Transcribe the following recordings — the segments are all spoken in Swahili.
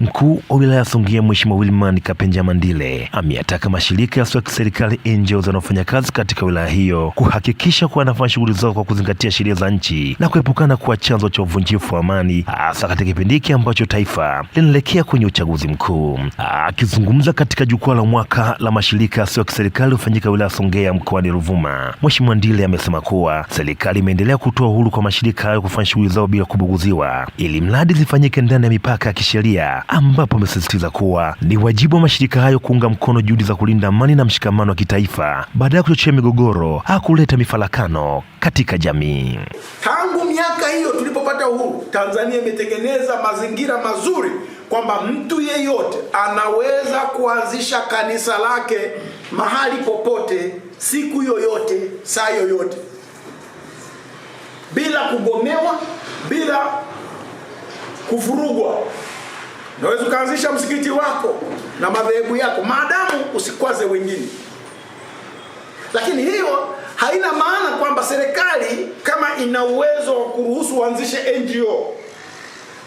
Mkuu wa wilaya ya Songea Mheshimiwa Wilman Kapenja Mandile ameyataka mashirika yasiyo ya kiserikali NGOs wanaofanya kazi katika wilaya hiyo kuhakikisha kuwa anafanya shughuli zao kwa kuzingatia sheria za nchi na kuepukana kuwa chanzo cha uvunjifu wa amani hasa katika kipindi hiki ambacho taifa linaelekea kwenye uchaguzi mkuu. Akizungumza katika jukwaa la mwaka la mashirika yasiyo ya kiserikali hufanyika wilaya ya Songea mkoani Ruvuma, Mheshimiwa Mandile amesema kuwa serikali imeendelea kutoa uhuru kwa mashirika hayo kufanya shughuli zao bila kubuguziwa, ili mradi zifanyike ndani ya mipaka ya kisheria ambapo amesisitiza kuwa ni wajibu wa mashirika hayo kuunga mkono juhudi za kulinda amani na mshikamano wa kitaifa baada ya kuchochea migogoro au kuleta mifarakano katika jamii. Tangu miaka hiyo tulipopata uhuru, Tanzania imetengeneza mazingira mazuri kwamba mtu yeyote anaweza kuanzisha kanisa lake mahali popote, siku yoyote, saa yoyote, bila kugomewa, bila kuvurugwa. Unaweza ukaanzisha msikiti wako na madhehebu yako maadamu usikwaze wengine. Lakini hiyo haina maana kwamba serikali kama ina uwezo wa kuruhusu uanzishe NGO,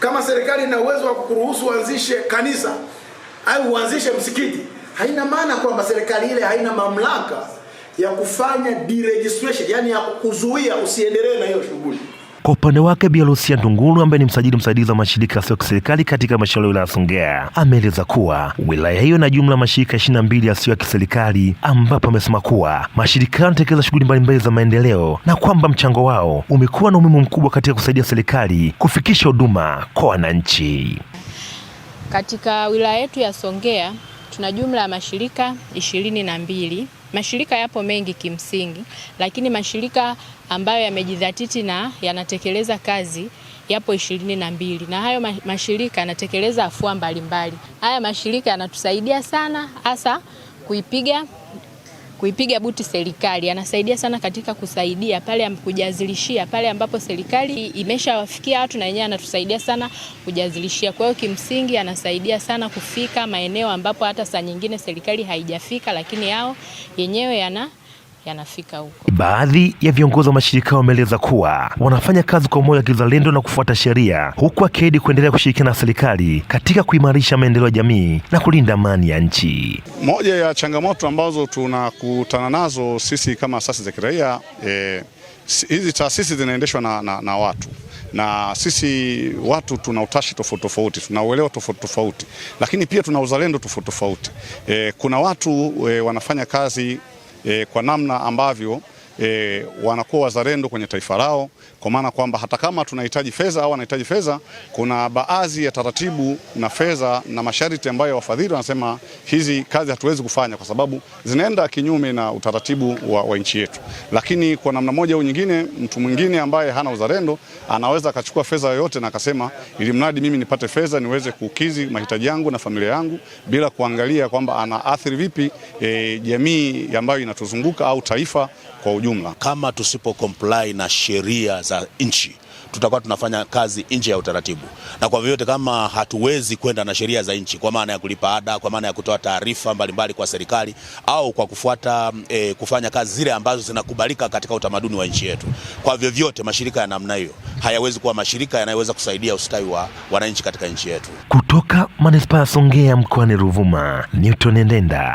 kama serikali ina uwezo wa kuruhusu uanzishe kanisa au uanzishe msikiti, haina maana kwamba serikali ile haina mamlaka ya kufanya deregistration, yani ya kuzuia usiendelee na hiyo shughuli. Kwa upande wake Bi Lucia Ndunguru ambaye ni msajili msaidizi wa mashirika yasiyo ya kiserikali katika mashauri ya wilaya Songea ameeleza kuwa wilaya hiyo ina jumla mashirika mbili yasiyo ya kiserikali ambapo amesema kuwa mashirika yanatekeleza shughuli mbalimbali za maendeleo na kwamba mchango wao umekuwa na umuhimu mkubwa katika kusaidia serikali kufikisha huduma kwa wananchi katika wilaya yetu ya Songea. Tuna jumla ya mashirika ishirini na mbili. Mashirika yapo mengi kimsingi, lakini mashirika ambayo yamejidhatiti na yanatekeleza kazi yapo ishirini na mbili na hayo mashirika yanatekeleza afua mbalimbali. Haya mashirika yanatusaidia sana hasa kuipiga kuipiga buti serikali. Anasaidia sana katika kusaidia pale kujazilishia, pale ambapo serikali imeshawafikia watu na yeye anatusaidia sana kujazilishia. Kwa hiyo kimsingi, anasaidia sana kufika maeneo ambapo hata saa nyingine serikali haijafika, lakini yao yenyewe yana yanafika huko. Baadhi ya viongozi wa mashirika wameeleza kuwa wanafanya kazi kwa moyo wa kizalendo na kufuata sheria, huku akiahidi kuendelea kushirikiana na serikali katika kuimarisha maendeleo ya jamii na kulinda amani ya nchi. Moja ya changamoto ambazo tunakutana nazo sisi kama asasi za kiraia eh, hizi taasisi zinaendeshwa na, na, na watu na sisi watu tuna utashi tofauti tofauti, tuna uelewa tofauti tofauti, lakini pia tuna uzalendo tofauti tofauti. E, kuna watu e, wanafanya kazi e, kwa namna ambavyo e, wanakuwa wazalendo kwenye taifa lao, kwa maana kwamba hata kama tunahitaji fedha au wanahitaji fedha, kuna baadhi ya taratibu na fedha na masharti ambayo wafadhili wanasema hizi kazi hatuwezi kufanya kwa sababu zinaenda kinyume na utaratibu wa, wa nchi yetu. Lakini kwa namna moja au nyingine, mtu mwingine ambaye hana uzalendo anaweza akachukua fedha yoyote na akasema ili mradi mimi nipate fedha niweze kukizi mahitaji yangu na familia yangu bila kuangalia kwamba anaathiri vipi e, jamii ambayo inatuzunguka au taifa kwa ujumla ujumla, kama tusipo comply na sheria za nchi tutakuwa tunafanya kazi nje ya utaratibu, na kwa vyovyote, kama hatuwezi kwenda na sheria za nchi, kwa maana ya kulipa ada, kwa maana ya kutoa taarifa mbalimbali kwa serikali au kwa kufuata e, kufanya kazi zile ambazo zinakubalika katika utamaduni wa nchi yetu, kwa vyovyote, mashirika ya namna hiyo hayawezi kuwa mashirika yanayoweza kusaidia ustawi wa wananchi katika nchi yetu. Kutoka manispaa ya Songea mkoani Ruvuma, Newton Ndenda.